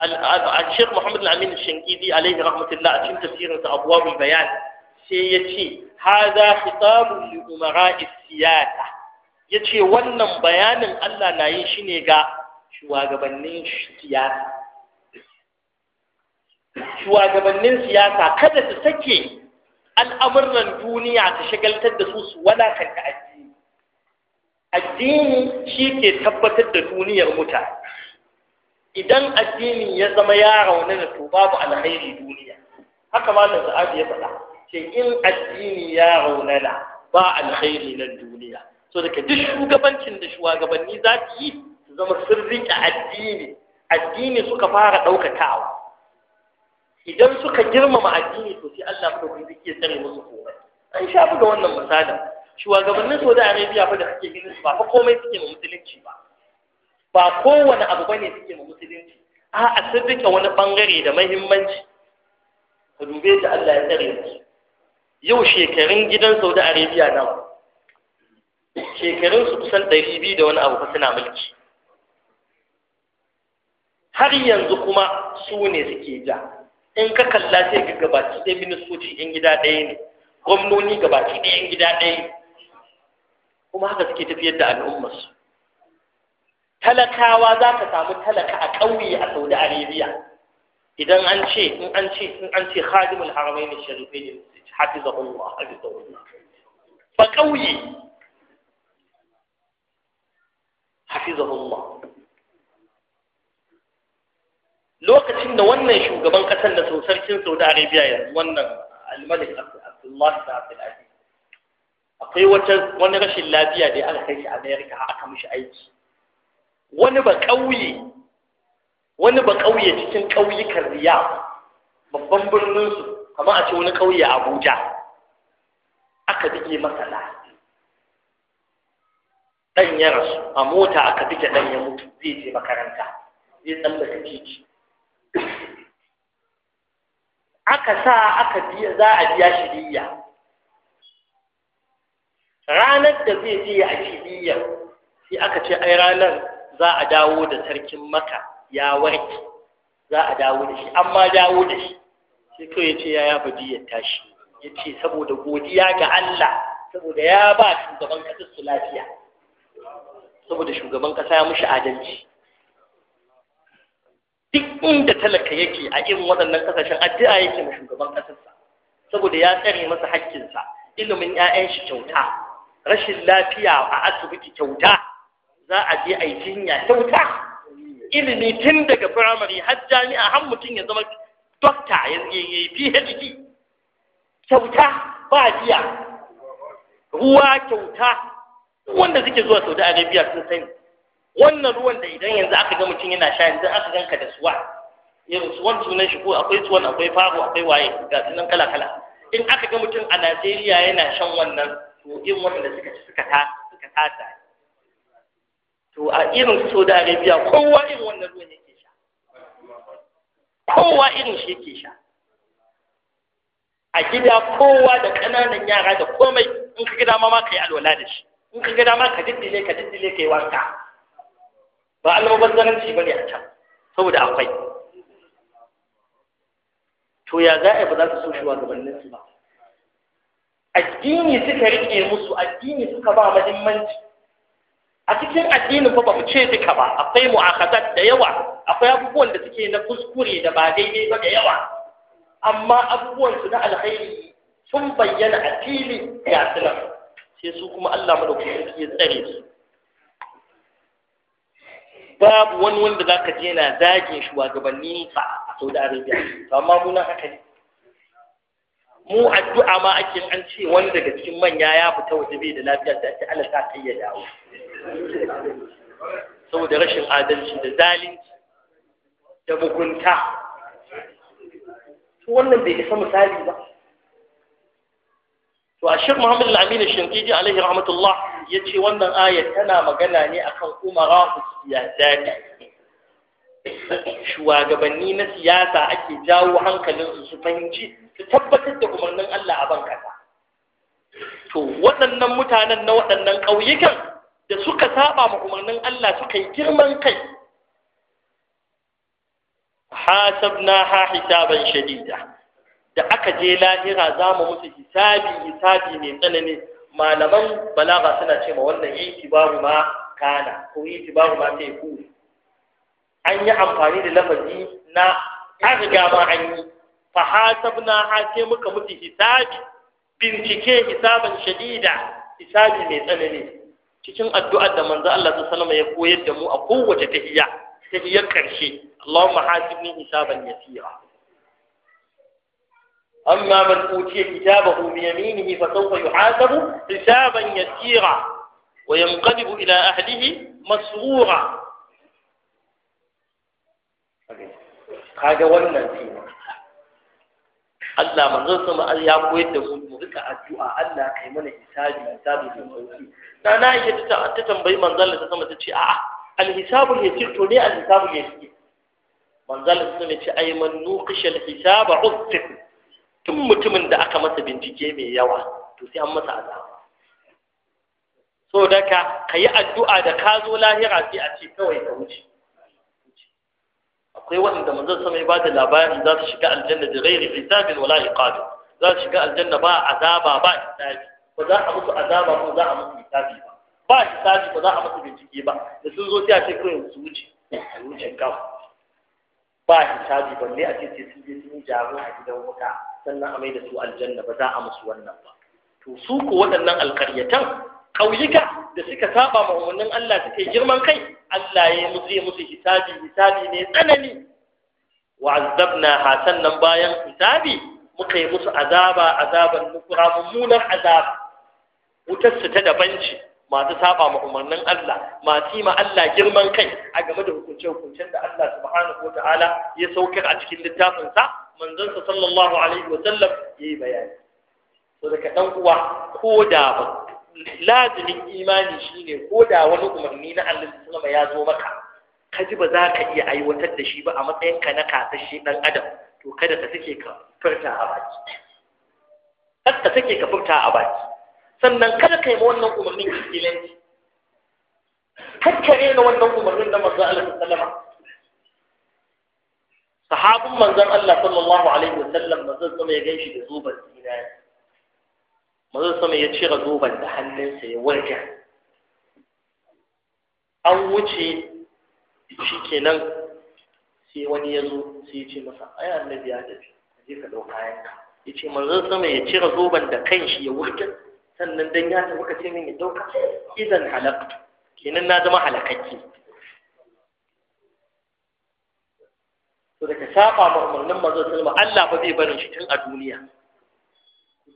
al-sheikh Muhammad al-Amin al-Shankidi alayhi rahmatullah a cikin tafsirin sa abwabul bayan sai yace hadha khitabun li umara'i siyasa yace wannan bayanin Allah na yi shi ne ga shugabannin siyasa shugabannin siyasa kada su sake al'amuran duniya ta shagaltar da su su walakanta addini addini shi ke tabbatar da duniyar mutane idan addini ya zama ya raunana to babu alkhairi duniya haka malam sa'adu ya faɗa ce in addini ya raunana ba alkhairi nan duniya so daga duk shugabancin da shugabanni za su yi su zama sun riƙe addini addini suka fara ɗaukakawa idan suka girmama addini to sai Allah ko da yake tsare musu komai an sha ga wannan misalin shugabannin Saudi Arabia fa da kake ganin su ba fa komai suke mu musulunci ba ba kowane abu bane suke mu musulunci a'a sun rike wani bangare da muhimmanci ka dube ta Allah ya tsare musu yau shekarun gidan Saudi Arabia nawa shekarun su kusan ɗari biyu da wani abu fa suna mulki har yanzu kuma su ne suke ja in ka kalla sai ga gabaki ɗaya ministoci yan gida ɗaya ne gwamnoni gabaki ɗaya yan gida ɗaya ne kuma haka suke tafiyar da al'ummarsu talakawa za ka samu talaka a ƙauye a saudi arabia idan an ce in an ce in an ce khadimul haramain sharifai ne hafizahullah hafizahullah ba ƙauye hafizahullah lokacin da wannan shugaban kasar da sau sarkin saudi arabia yanzu wannan almalik abdullahi da abdulaziz akwai wata wani rashin lafiya da aka kai shi america aka mishi aiki wani ba kauye wani ba kauye cikin kauyukan riyadh babban birnin su kamar a ce wani kauye abuja aka bige masa da dan ya rasu a mota aka bige dan ya mutu zai je makaranta zai tsallaka jiki. aka sa aka biya za a biya shi biya ranar da zai biya a diya sai aka ce ai ranar za a dawo da sarkin maka ya warke za a dawo da shi amma dawo da shi sai kawai ya ce ya yafa biyan tashi ya ce saboda godiya ga Allah saboda ya ba shugaban kasar su lafiya saboda shugaban kasa ya mushi adalci duk inda talaka yake a irin waɗannan ƙasashen addu'a yake ma shugaban ƙasarsa saboda ya tsare masa haƙƙinsa ilimin 'ya'yan shi kyauta rashin lafiya a asibiti kyauta za a je a yi jinya kyauta ilimi tun daga firamare har jami'a har mutum ya zama dokta ya yi phd kyauta ba biya ruwa kyauta wanda suke zuwa saudi Arabiya sun sani wannan ruwan da idan yanzu aka ga mutum yana sha yanzu aka ganka da suwa irin suwan sunan shi ko akwai suwan akwai fabo akwai waye ga sunan kala kala in aka ga mutum a Najeriya yana shan wannan to in wanda suka ci suka ta suka ta to a irin Saudi Arabia kowa irin wannan ruwan yake sha kowa irin shi yake sha a gida kowa da ƙananan yara da komai in ka gida ma ma kai alwala da shi in ka gida ma ka diddile ka diddile ka yi wanka ba ba bane a can saboda akwai to ya za a ba za su so gabanin su ba addini suka rike musu addini suka ba muhimmanci a cikin addinin fa ba mu ce duka ba akwai mu'akadat da yawa akwai abubuwan da suke na kuskure da ba daidai ba da yawa amma abubuwan su na alkhairi sun bayyana a fili ya sunan sai su kuma Allah madaukakin ya tsare su babu wani wanda za ka je na zagin shugabannin sa a Saudi Arabia amma mu nan haka ne mu addu'a ma ake an ce wani daga cikin manya ya fita waje bai da lafiya da ake Allah ta kai ya dawo saboda rashin adalci da zalunci da mugunta to wannan bai isa misali ba to a shek Muhammadu al-amin al-shinkiji alaihi rahmatullah ya ce wannan ayat tana magana ne akan umara ne shugabanni na siyasa ake jawo hankalin su fahimci su tabbatar da umarnin Allah a ban kasa to waɗannan mutanen na waɗannan ƙauyukan da suka saba ma umarnin Allah suka yi girman kai hasabna ha hisaban shadida da aka je lahira za mu musu hisabi hisabi mai tsanani malaman balaga suna ce ma wannan itibaru ma kana ko itibaru ma sai ku an yi amfani da lafazi na an riga ma an yi fa hasabna ha ce muka mutu hisabi bincike hisaban shadida hisabi mai tsanani cikin addu'ar da manzo Allah ta salama ya koyar da mu a kowace tahiyya tahiyyar karshe Allahumma hasibni hisaban yasira أما من أوتي كتابه بيمينه فسوف يحاسب حسابا يسيرا وينقلب إلى أهله مسرورا kaga wannan kenan Allah manzon sama ya koyar da mu mu rika addu'a Allah kai mana hisabi hisabi da sauki na na yake ta ta tambayi manzon ta sama ta ce a'a alhisabu yasir to ne alhisabu yasir manzon Allah sama ya ce ay man nuqisha alhisaba uttiq tun mutumin da aka masa bincike mai yawa to sai an masa azaba so da ka ka yi addu'a da ka zo lahira sai a ce kawai ka wuce akwai waɗanda manzon sama ya ba labarin za su shiga aljanna da ghairi hisabin wala iqabi za su shiga aljanna ba azaba ba hisabi ba za a musu azaba ko za a musu hisabi ba ba hisabi ba za a musu bincike ba da sun zo sai a ce kawai su wuce a wuce kawai ba hisabi balle a ce sai sun je sun yi jaro a gidan wuta sannan a mai da su aljanna ba za a musu wannan ba to su ko waɗannan alƙaryatan ƙauyuka da suka saba ma umarnin Allah suka yi girman kai Allah ya yi musu hisabi hisabi ne tsanani wa azabna nan bayan hisabi muka yi musu azaba azaban nukura mummunar azaba wutar su ta daban ce masu saba ma umarnin Allah masu yi ma Allah girman kai a game da hukunce-hukuncen da Allah subhanahu wata'ala ya saukar a cikin littafinsa manzansa sallallahu alaihi wa sallam yayi bayani to daga dan uwa ko da ba lazimin imani shine ko da wani umarni na Allah sallama ya zo maka ka ji ba za ka iya aiwatar da shi ba a matsayin ka na kasashe dan adam to kada ka sake ka furta a baki kada ka sake ka furta a baki sannan kada ka yi wannan umarnin kilanci kakkare na wannan umarnin da manzo Allah sallama sahabin manzon Allah sallallahu alaihi wasallam manzon sama ya gaishe da zuban zinari manzon sama ya cire zuban da hannunsa ya warja an wuce shikenan sai wani ya zo sai ya ce masa ai annabi ya tafi je ka ɗau kayanka ya ce manzon sama ya cire zuban da kanshi ya warja sannan dan ya tafi ka ce min ya ɗauka idan halaktu kenan na zama halakakke da daga saba ma umarnin manzo sallama Allah ba zai barin shi tun a duniya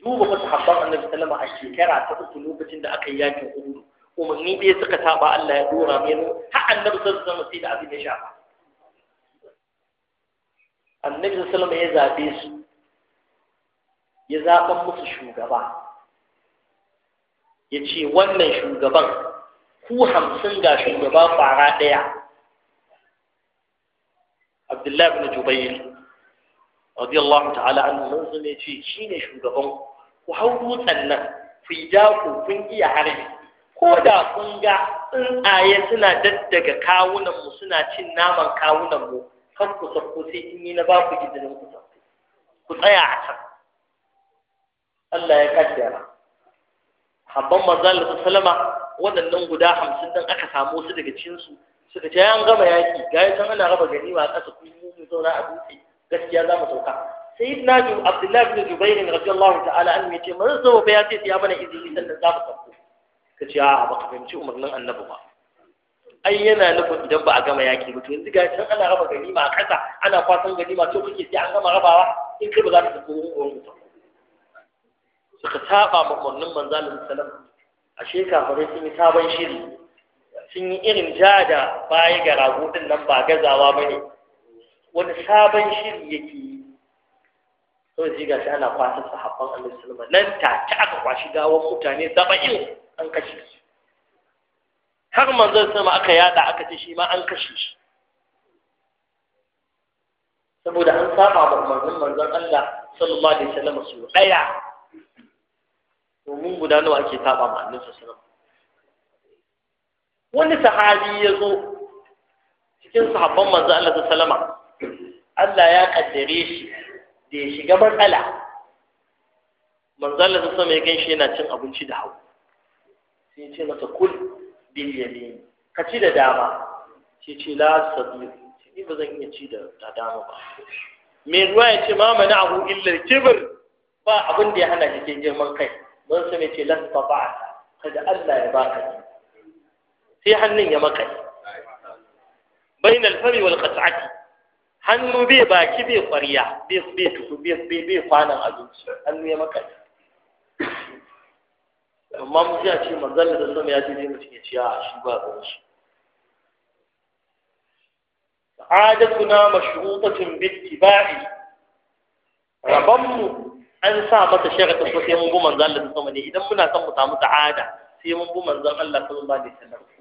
duba wasu habban annabi sallama a shekara ta uku lokacin da aka yi yakin uhud umarni ɗaya suka saba Allah ya dora mai har annabi sallama sai da abin ya shafa annabi sallama ya zabe su ya zaɓan musu shugaba ya ce wannan shugaban ku hamsin ga shugaba fara ɗaya abdullahi ibn jubayr radiyallahu ta'ala anhu mun zo ne ce shine shugaban ku hau dutsen nan ku yi jako kun iya harbi ko da kun ga tsuntsaye suna daddaga kawunan mu suna cin naman kawunan mu kan ku sauko sai in yi na ba ku izinin ku ku tsaya a can Allah ya kaddara habban manzon Allah salama waɗannan guda hamsin ɗin aka samu su daga cinsu suka ce an gama yaki ga ya ana raba ganima a ƙasa kuma mu zauna a dutse gaskiya za mu sauka sayyidina abdullahi bin zubair radiyallahu ta'ala an mece mun zo ba ya ce ya mana izini sannan za mu sauko ce a ba ka fahimci umarnin annabi ba ai yana nufin idan ba a gama yaki ba to yanzu ga can ana raba ganima a ƙasa ana kwasan ganima to kuke sai an gama rabawa in kai ba za ka tafi wurin uwan mutum suka saba ma umarnin manzalin sallam ashe kafirai sun yi sabon shiri sun yi irin ja da baya ga rago din nan ba gazawa ba ne wani sabon shiri yake yi sau ji ga ana kwasa sahabban annabi sulma nan ta ta aka kwashi gawar mutane saba'in an kashe su har manzon sama aka yada aka ce shi ma an kashe shi saboda an saba ma umarnin manzon Allah sallallahu alaihi wasallam su daya domin guda nawa ake saba ma annabi sallallahu alaihi wasallam wani sahabi ya zo cikin sahabban manzo Allah ta salama Allah ya kaddare shi da ya shiga matsala manzo Allah ta salama ya ganshi yana cin abinci da hau sai ce masa kul bil yamin ka ci da dama sai ce la sabi ni ba zan iya ci da dama ba mai ruwa ya ce ma mana abu illar kibir ba abin da ya hana shi girman kai don su ne ce lasta ba kada Allah ya baka sai hannun ya makale bain alfari wal qat'ati hannu bai baki bai kwariya bai bai tuku bai bai kwanan abinci hannu ya makale amma mu ya ce manzon da sallam ya ce dai mutum ya ce a ah, shi ba ruwan shi عادتنا مشروطة باتباع ربما an sa mata sharaɗin ko sai mun bi manzon da sallallahu ne idan muna son mu samu ta'ada sai mun bi manzon Allah sallallahu alaihi wasallam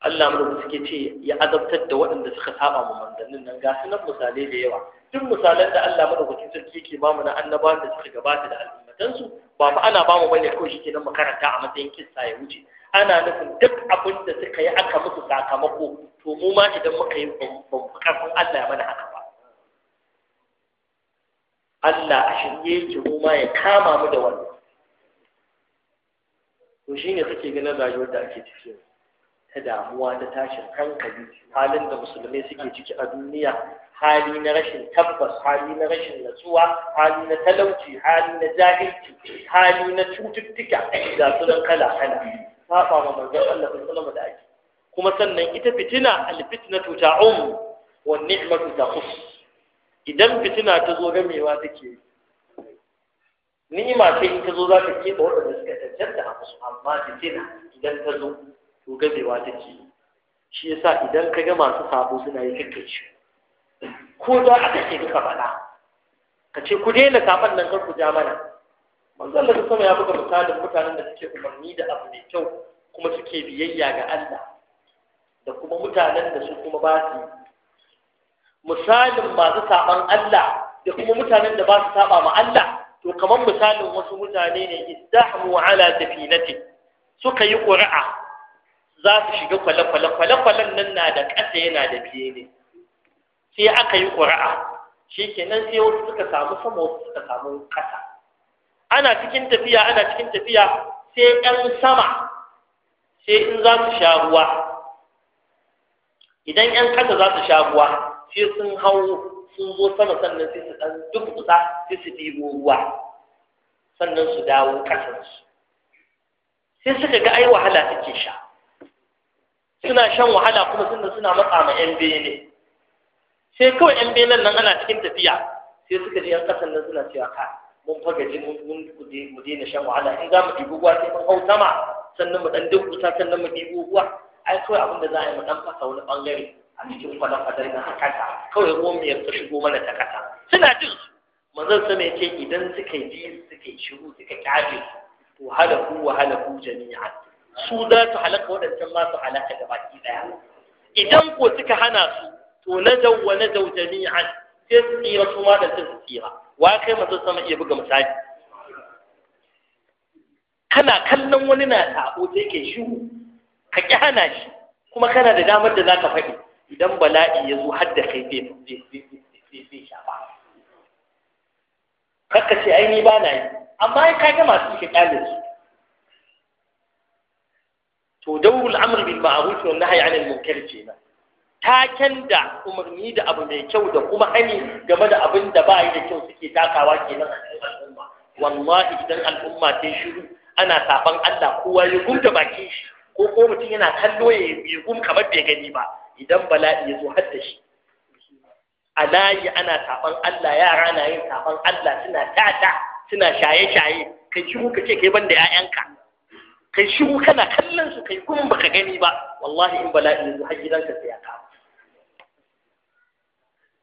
Allah mu suke ce ya azabtar da waɗanda suka saba mu manzannin nan ga sunan misalai da yawa duk misalan da Allah madaukakin sarki yake ba mu na annabawan da suka gabata da al'ummatan su ba fa ana ba mu bane kawai shike nan makaranta a matsayin kissa ya wuce ana nufin duk abin da suka yi aka musu sakamako to mu ma idan muka yi ban karfin Allah ya mana haka ba Allah a shirye yake mu ma ya kama mu da wannan to shine kake ganin rayuwar da ake ciki ta damuwa ta tashin hankali halin da musulmi suke ciki a duniya hali na rashin tabbas hali na rashin natsuwa hali na talauci hali na jahilci hali na cututtuka da su nan kala kala saba ma manzon Allah sallallahu da ake kuma sannan ita fitina alfitnatu ta'um wa ni'matu taqus idan fitina ta zo gamewa take ni'ima ce in ta zo za ta keɓe waɗanda suka cancanta a musu amma fitina idan ta zo to ta take shi yasa idan ka ga masu sabo suna yi kakkaci ko za a kake ka faɗa ka ce ku daina saban nan kar ku ja mana manzon da sama ya buga misalin mutanen da suke umarni da abu mai kyau kuma suke biyayya ga Allah da kuma mutanen da su kuma ba su misalin masu saban Allah da kuma mutanen da ba su saba ma Allah to kamar misalin wasu mutane ne istahmu ala safinati suka yi ƙuri'a za su shiga kwale-kwale kwale-kwalen nan na da ƙasa yana da biye ne sai aka yi ƙuri'a shi nan sai wasu suka samu sama wasu suka samu ƙasa ana cikin tafiya ana cikin tafiya sai ƴan sama sai in za su sha ruwa idan ƴan ƙasa za su sha ruwa sai sun hau sun zo sama sannan sai su ɗan kusa, sai su ɗibo ruwa sannan su dawo ƙasarsu sai suka ga ai wahala take sha suna shan wahala kuma suna suna matsa ma yan bene sai kawai yan benen nan ana cikin tafiya sai suka ji yan kasan nan suna cewa ka mun ji, mun mu daina shan wahala in za mu ɗibi ruwa sai mun hau sama sannan mu ɗan dukkuta sannan mu ɗibi ruwa ai kawai abin da za a yi mu ɗan fasa wani ɓangare a cikin kwale-kwale na kasa kawai ruwan mu shigo mana ta kasa suna jin su zan sama ya ce idan suka yi biyu suka yi shiru suka kyale su to halaku wa jami'a su za su halaka waɗancan ma su halaka da baki ɗaya idan ko suka hana su to na jau wa na jau jami'an sai su tsira su ma da su tsira wa kai masu sama iya buga misali kana kallon wani na taɓo sai ke shiru ka ƙi hana shi kuma kana da damar da za ka faɗi idan bala'i ya zo har da kai zai shafa kakka ce ai ba na yi amma ka ga masu shi kyalin su to daurul amr bil ma'ruf wa nahy 'anil munkar kenan taken da umarni da abu mai kyau da kuma hani game da abin da ba da kyau suke takawa kenan a cikin al'umma wallahi idan al'umma ta shiru ana saban Allah kowa ya gumta bakin shi ko ko mutum yana kallo ya yi gum kamar bai gani ba idan bala'i ya zo har da shi a layi ana saban Allah yara na yin saban Allah suna tata suna shaye-shaye kai shiru ka ce kai banda da 'ya'yanka kai shiru kana kallon su kai kuma baka gani ba wallahi in bala'i yanzu har gidanka sai ya kawo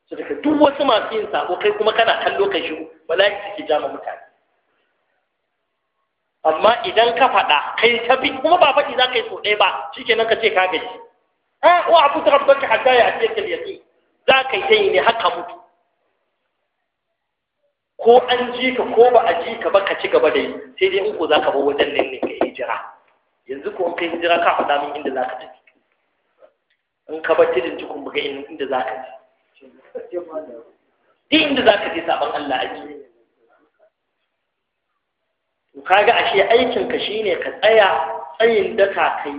su daga duk wasu masu yin sabo kai kuma kana kallo kai shiru bala'i suke jama mutane amma idan ka faɗa kai ta bi kuma ba faɗi za ka yi so ɗaya ba shikenan ka ce ka gaji a wa abu ta rabbaka hatta ya atiyaka al-yaqin za ka yi ne haka mutu ko an ji ka ko ba a ji ka ba ka ci gaba da yi sai dai in ko za ka bar wajen nan ne hijira yanzu ko kai hijira ka faɗa min inda za ka tafi in ka bar tudun tukun buga inda za ka je duk inda za ka je saɓon Allah ake to kaga ashe aikinka shine ka tsaya tsayin daka kai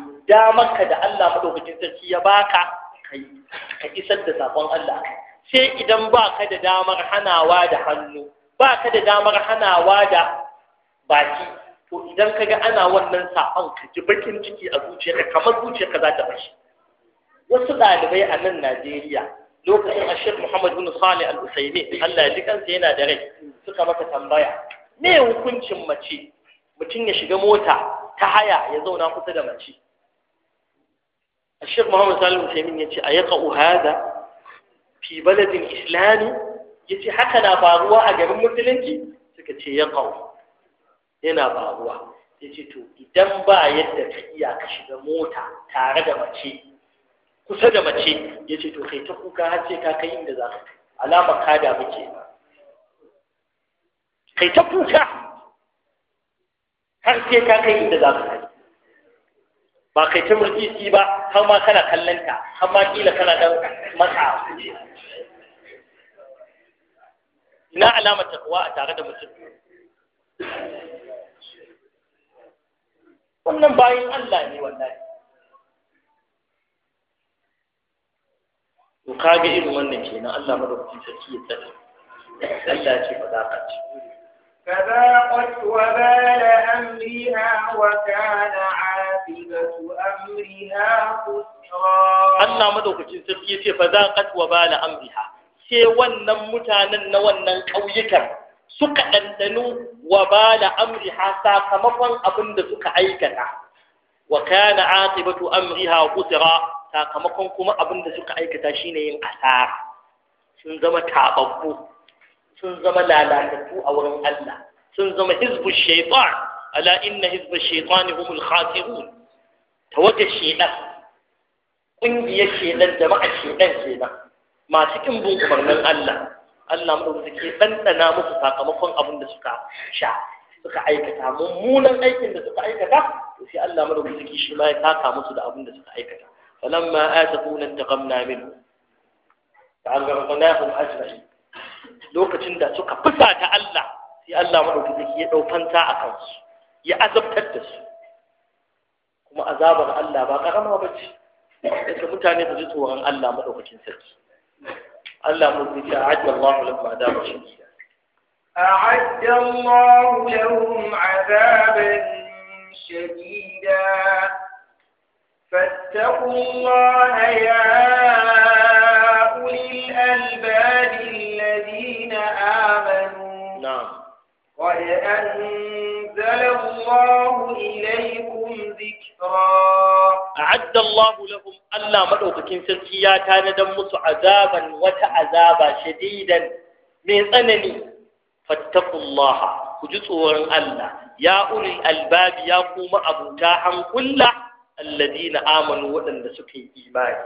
ka da Allah madaukakin sarki ya baka kai ka isar da sakon Allah sai idan ba ka da damar hanawa da hannu ba ka da damar hanawa da baki to idan kaga ana wannan saɓan ka ji bakin ciki a zuciyarka kamar ka za ta bashi wasu ɗalibai a nan Najeriya lokacin Ashir Muhammad bin Sani Al-Usaimi Allah ya ji kansa yana da rai suka maka tambaya me hukuncin mace mutum ya shiga mota ta haya ya zauna kusa da mace Ashir Muhammad Salih Al-Usaimi ya ce a yaqa hada fi baladin islami ya ce haka na faruwa a garin musulunci suka ce ya ƙau yana faruwa ya ce to idan ba yadda ka iya ka shiga mota tare da mace kusa da mace ya ce to kai ta kuka har sai ka kai inda za ka alama ka da muke kai ta kuka har sai ka kai inda za ka kai ba kai ta murtisi ba har ma kana kallon ta har ma kila kana dan matsa ina alamar takwa a tare da mutum wannan bayan Allah ne wallahi to kage irin wannan kenan Allah madaukakin sarki ya tsare Allah ce ba za ka ci فذاقت وبال أمرها وكان عاقبة أمرها خسرا الله مدوكتين سرقية فذاقت وبال أمرها sai wannan mutanen na wannan ƙauyukan suka ɗanɗano wa da amriha sakamakon abin da suka aikata wa kana aqibatu amriha khusra sakamakon kuma abin da suka aikata shine yin asara sun zama tababbu sun zama lalatattu a wurin Allah sun zama hizbu shaytan ala inna hizbu shaytani humul khasirun tawaga shedan kungiyar shedan jama'a shedan kenan masu kin umarnin Allah Allah madaukaki ɗanɗana musu sakamakon abin da suka sha suka aikata mummunan aikin da suka aikata to sai Allah madaukaki shi ma ya taka musu da abin da suka aikata falamma ataquna taqamna minhu fa'agharqnahum ajma'in lokacin da suka fusata Allah sai Allah madaukaki ya dau fanta a su, ya azabtar da su kuma azabar Allah ba karama bace daga mutane su ji tsoron Allah madaukakin sarki ألا ملتجى أعد الله لهم عذابا شديدا أعد الله لهم عذابا شديدا فاتقوا الله يا أولي الألباب الذين آمنوا نعم قد أنزل الله إليكم ذكرًا a'adda Allahu lahum Allah madaukakin sarki ya tanadan musu azaban wata azaba shadidan mai tsanani fattaqullaha ku ji tsoron Allah ya uri albabi ya kuma abuta hankulla alladina amanu waɗanda suka yi imani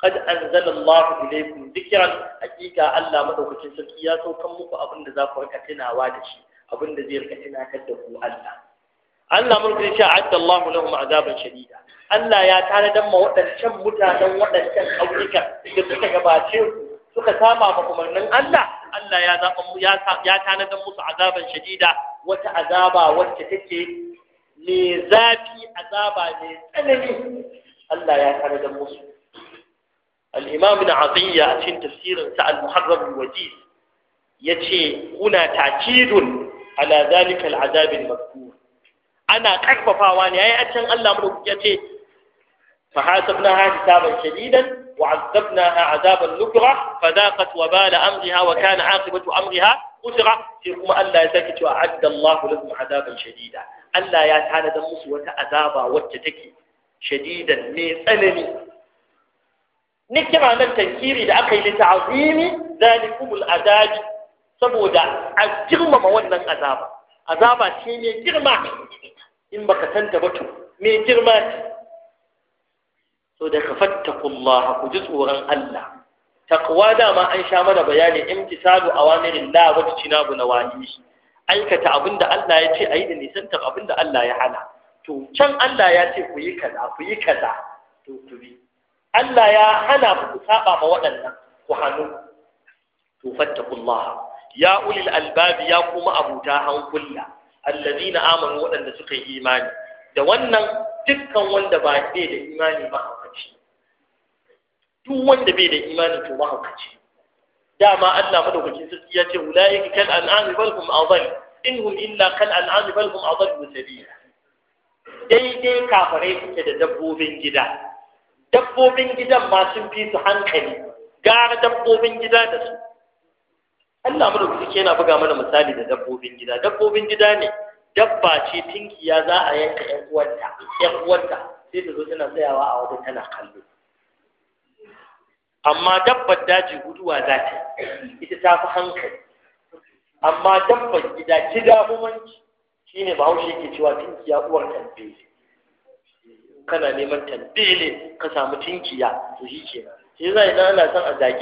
qad anzala Allahu ilaykum dhikran hakika Allah madaukakin sarki ya saukan muku abin da za ku rika tunawa da shi abin da zai rika tunatar da ku Allah Allah mulkin sha adda Allah lahum azaban shadida Allah ya tanadan ma waɗancan mutanen waɗancan ƙauyukan da suka gabace su suka saba ma umarnin Allah Allah ya zaɓa ya ya tanadan musu azaban shadida wata azaba wacce take ne zafi azaba ne tsanani Allah ya tanadan musu al-Imam Ibn Atiyya a cikin tafsirin sa al-Muharrar al-Wajiz yace kuna takidun ala zalika al-azab al-mazkur ana ƙarfafawa ne yayi a can Allah mu ya ce fa hasabnaha hisaban shadidan wa azabnaha azaban nukra fa daqat wa bala amriha wa kana aqibatu amriha usra sai kuma Allah ya sake cewa adda Allahu lahum azaban shadida Allah ya da musu wata azaba wacce take shadidan ne tsanani nikira nan tankiri da aka yi li ta'zimi zalikumul azabi saboda a girmama wannan azaba azaba ce mai girma in baka san ta ba to mai girma ce so da ka fattakullah ku ji tsoron Allah taqwa dama an sha mana bayani imtisalu awamirin la wa tinabu nawahihi aikata abinda Allah ya ce ayi da nisantar abinda Allah ya hana to can Allah ya ce ku yi kaza ku yi kaza to ku bi Allah ya hana ku saba ma waɗannan ku hannu to fattakullah ya ulil albabi ya kuma abuta hankula allazina amanu waɗanda suka yi imani da wannan dukkan wanda ba bai da imani ba haukaci duk wanda bai da imani to ba haukaci dama Allah madaukakin sarki ya ce ulaika kal an'ami bal hum adall inhum illa kal an'ami bal hum adall sabila daidai kafarai suke da dabbobin gida dabbobin gidan ma sun fi su hankali gara dabbobin gida da su Allah ke yana buga mana misali da dabbobin gida dabbobin gida ne dabba ce tinkiya za a yanka ƴan uwanta ƴan uwanta sai ta zo tana tsayawa a wajen tana kallo amma dabbar daji guduwa za ta ita ta fi hankali amma dabbar gida gida mumanci shine bahaushe ke cewa tinkiya uwar tambele kana neman ne ka samu tinkiya to shi kenan sai za idan ana son a zage